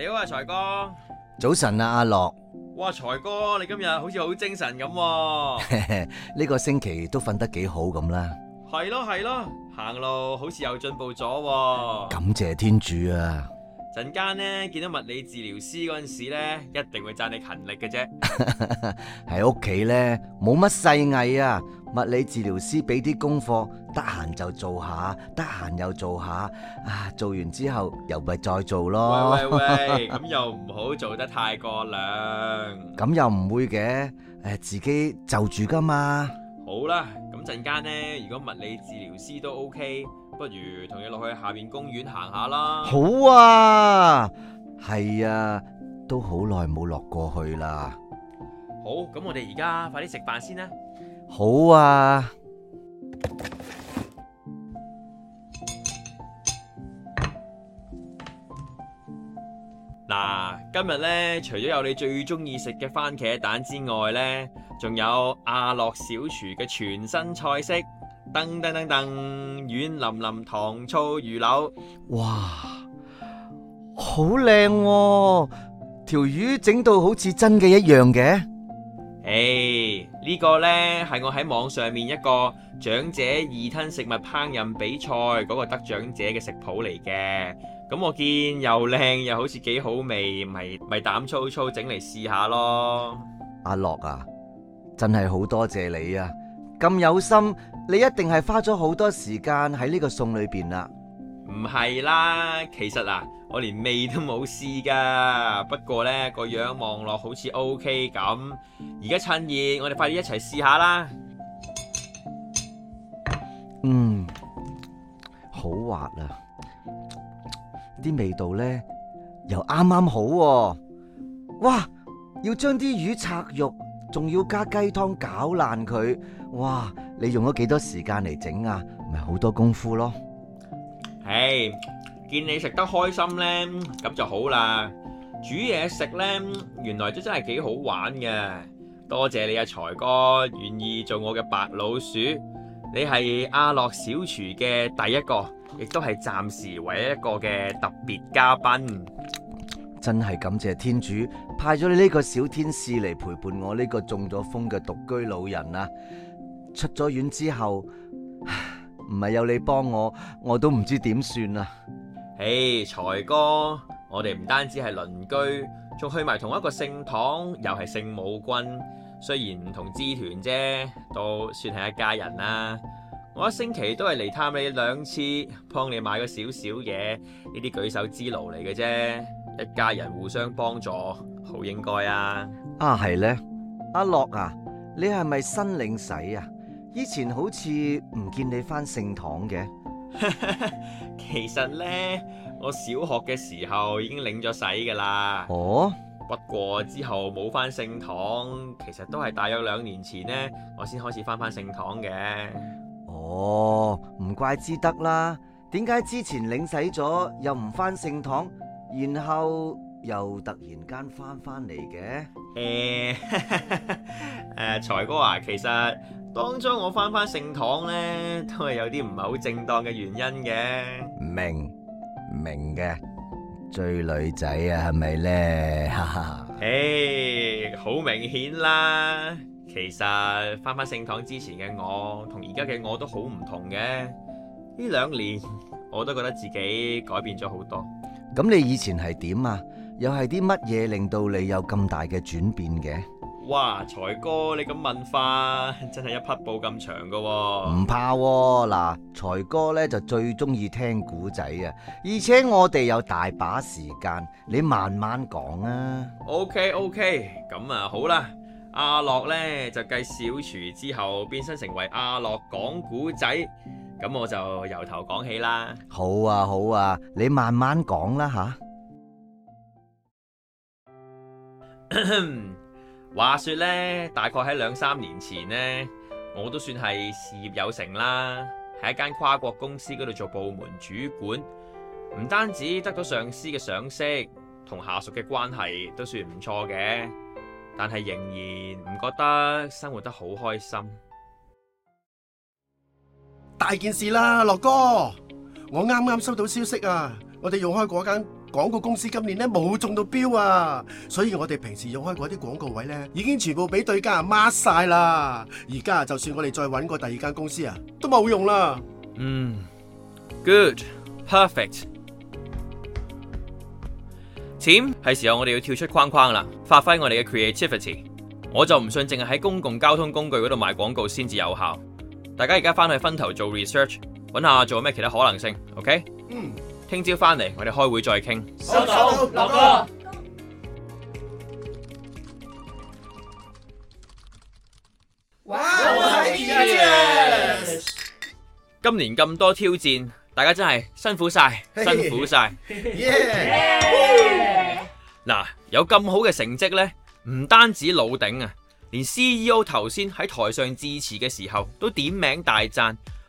你好啊，財哥。早晨啊，阿樂。哇，財哥，你今日好似好精神咁。呢 個星期都瞓得幾好咁啦。係咯係咯，行路好似又進步咗。感謝天主啊！陣間咧見到物理治療師嗰陣時咧，一定會讚你勤力嘅啫。喺屋企咧冇乜細藝啊，物理治療師俾啲功課，得閒就做下，得閒又做下，啊做完之後又咪再做咯。喂喂喂，咁又唔好做得太過量。咁又唔會嘅，誒自己就住噶嘛。好啦。陣間呢，如果物理治療師都 OK，不如同你落去下面公園行下啦。好啊，係啊，都好耐冇落過去啦。好，咁我哋而家快啲食飯先啦。好啊。嗱，今日呢，除咗有你最中意食嘅番茄蛋之外呢，仲有阿樂小廚嘅全新菜式，噔噔噔噔，軟淋淋糖醋魚柳，哇，好靚，條魚整到好似真嘅一樣嘅。誒，呢個呢係我喺網上面一個長者易吞食物烹飪比賽嗰個得獎者嘅食譜嚟嘅。咁我見又靚又好似幾好味，咪咪膽粗粗整嚟試下咯。阿樂啊！真係好多謝你啊！咁有心，你一定係花咗好多時間喺呢個餸裏邊啦。唔係啦，其實啊，我連味都冇試噶。不過呢個樣望落好似 OK 咁。而家趁熱，我哋快啲一齊試下啦。嗯，好滑啊！啲味道呢，又啱啱好喎。啊。哇，要將啲魚拆肉。仲要加雞湯攪爛佢，哇！你用咗幾多時間嚟整啊？咪好多功夫咯。唉，hey，見你食得開心呢，咁就好啦。煮嘢食呢，原來都真係幾好玩嘅。多謝你阿財哥願意做我嘅白老鼠，你係阿樂小廚嘅第一個，亦都係暫時唯一一個嘅特別嘉賓。真係感謝天主派咗你呢個小天使嚟陪伴我呢個中咗風嘅獨居老人啊！出咗院之後，唔係有你幫我，我都唔知點算啊！唉、hey，財哥，我哋唔單止係鄰居，仲去埋同一個聖堂，又係聖母軍，雖然唔同支團啫，都算係一家人啦、啊。我一星期都係嚟探你兩次，幫你買咗少少嘢，呢啲舉手之勞嚟嘅啫。一家人互相幫助，好應該啊！啊係呢，阿樂啊，你係咪新領洗啊？以前好似唔見你翻聖堂嘅。 其實呢，我小學嘅時候已經領咗洗噶啦。哦。不過之後冇翻聖堂，其實都係大約兩年前呢，我先開始翻翻聖堂嘅。哦，唔怪之得啦，點解之前領洗咗又唔翻聖堂？然後又突然間翻翻嚟嘅？誒誒，財哥啊，其實當初我翻翻聖堂咧，都係有啲唔係好正當嘅原因嘅，明明嘅追女仔啊，係咪咧？誒，好明顯啦。其實翻翻聖堂之前嘅我，同而家嘅我都好唔同嘅。呢兩年我都覺得自己改變咗好多。咁你以前係點啊？又係啲乜嘢令到你有咁大嘅轉變嘅？哇，財哥你咁問法，真係一匹布咁長噶喎。唔怕喎，嗱，財哥咧就最中意聽古仔啊，而且我哋有大把時間，你慢慢講啊。OK OK，咁啊好啦，阿樂咧就繼小廚之後，變身成為阿樂講古仔。咁我就由頭講起啦。好啊，好啊，你慢慢講啦吓。話說咧，大概喺兩三年前咧，我都算係事業有成啦，喺一間跨國公司嗰度做部門主管，唔單止得咗上司嘅賞識，同下屬嘅關係都算唔錯嘅，但係仍然唔覺得生活得好開心。大件事啦，樂哥，我啱啱收到消息啊，我哋用開嗰間廣告公司今年呢冇中到標啊，所以我哋平時用開嗰啲廣告位呢已經全部俾對家 mark 晒啦。而家就算我哋再搵個第二間公司啊，都冇用啦。嗯、mm，good，perfect，Team，係時候我哋要跳出框框啦，發揮我哋嘅 creativity，我就唔信淨係喺公共交通工具嗰度賣廣告先至有效。大家而家翻去分頭做 research，揾下做咩其他可能性，OK？嗯，聽朝翻嚟我哋開會再傾。收到，樂哥。哇！今年咁多挑戰，大家真係辛苦晒，辛苦晒。嗱，有咁好嘅成績咧，唔單止老頂啊！連 CEO 頭先喺台上致辭嘅時候，都點名大讚，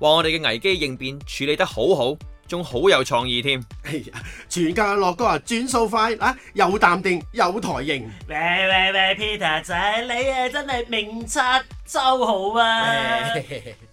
話我哋嘅危機應變處理得好好，仲好有創意添。哎，全靠樂哥啊，轉數快，啊又淡定有台型。喂喂喂，Peter 仔，你係真係明察秋毫啊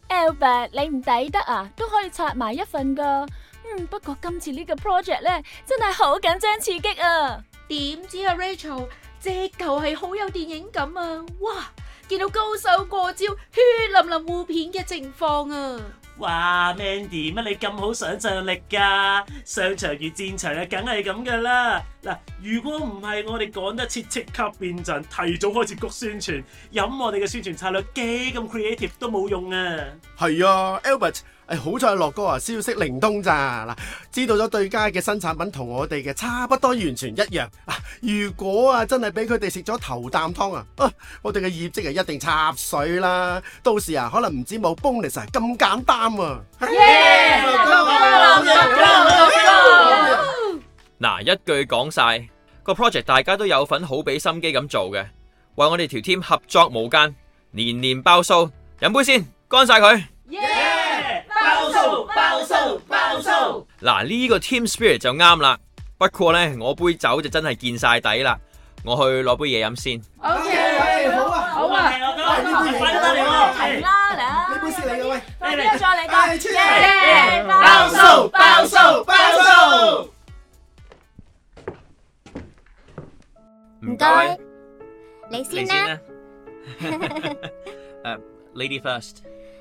！Albert，你唔抵得啊？都可以擦埋一份噶。嗯，不過今次這個呢個 project 咧，真係好緊張刺激啊！點知阿、啊、Rachel？直頭係好有電影感啊！哇，見到高手過招，血淋淋互片嘅情況啊！哇，Mandy 乜你咁好想象力噶啊？商場如戰場啊，梗係咁噶啦！嗱，如果唔係我哋趕得切即刻變陣，提早開始谷宣傳，飲我哋嘅宣傳策略幾咁 creative 都冇用啊！係啊，Albert。好在樂哥啊，消息靈通咋嗱，知道咗對家嘅新產品同我哋嘅差不多完全一樣。如果啊真係俾佢哋食咗頭啖湯啊，我哋嘅業績啊一定插水啦。到時啊可能唔知冇 bonus 咁簡單喎。嗱，一句講晒個 project，大家都有份好俾心機咁做嘅，為我哋條 team 合作無間，年年包數，飲杯先，乾晒佢。包數包數包數，嗱呢個 team spirit 就啱啦。不過咧，我杯酒就真係見晒底啦。我去攞杯嘢飲先。OK，好啊，好啊，快啲啦，快啲啦，嚟啦，停啦，嚟啦。呢杯先嚟嘅喂，嚟嚟，再嚟個，耶！包數包數包數，唔該，你先啦，Lady first。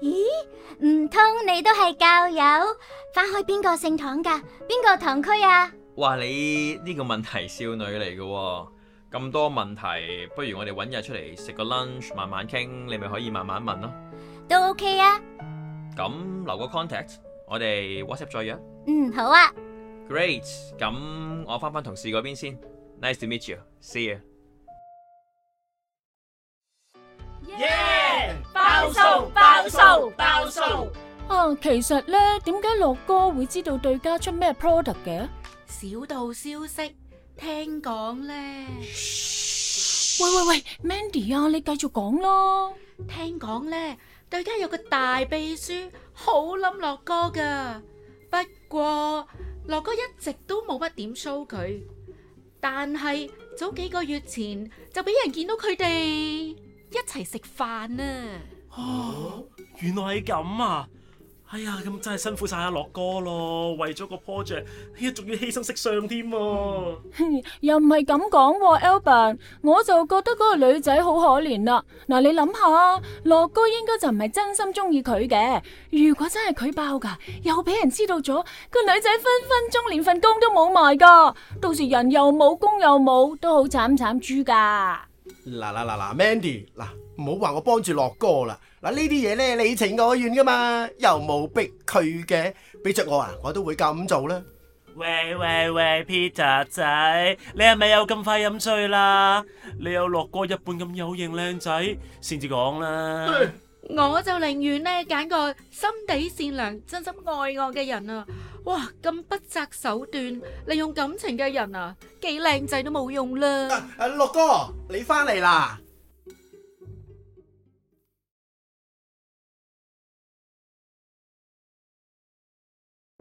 咦，唔通你都係教友？翻去邊個聖堂噶？邊個堂區啊？哇，你呢個問題少女嚟噶，咁多問題，不如我哋揾日出嚟食個 lunch，慢慢傾，你咪可以慢慢問咯。都 OK 啊。咁留個 contact，我哋 WhatsApp 再約。嗯，好啊。Great，咁我翻翻同事嗰邊先。Nice to meet you。See you。Yeah，包數包。爆數啊！其實咧，點解樂哥會知道對家出咩 product 嘅？小道消息，聽講咧。喂喂喂，Mandy 啊，你繼續講咯。聽講咧，對家有個大秘書，好冧樂哥㗎。不過樂哥一直都冇乜點 show 佢，但係早幾個月前就俾人見到佢哋一齊食飯啊。哦。原來係咁啊！哎呀，咁真係辛苦晒阿樂哥咯，為咗個 project，哎呀，仲要犧牲色相添。又唔係咁講，Albert，我就覺得嗰個女仔好可憐啦。嗱，你諗下，樂哥應該就唔係真心中意佢嘅。如果真係佢包噶，又俾人知道咗，個女仔分分鐘連份工都冇埋噶。到時人又冇，工又冇，都好慘慘豬噶。嗱嗱嗱嗱，Mandy，嗱，唔好話我幫住樂哥啦。啊、這呢啲嘢咧，你情我願噶嘛，又冇逼佢嘅，俾着我啊，我都會咁做啦。喂喂喂，Peter 仔，你係咪有咁快飲醉啦？你有樂哥一半咁有型靚仔先至講啦。我就寧願咧揀個心地善良、真心愛我嘅人啊！哇，咁不擇手段、利用感情嘅人啊，幾靚仔都冇用啦。啊，樂、啊、哥，你翻嚟啦！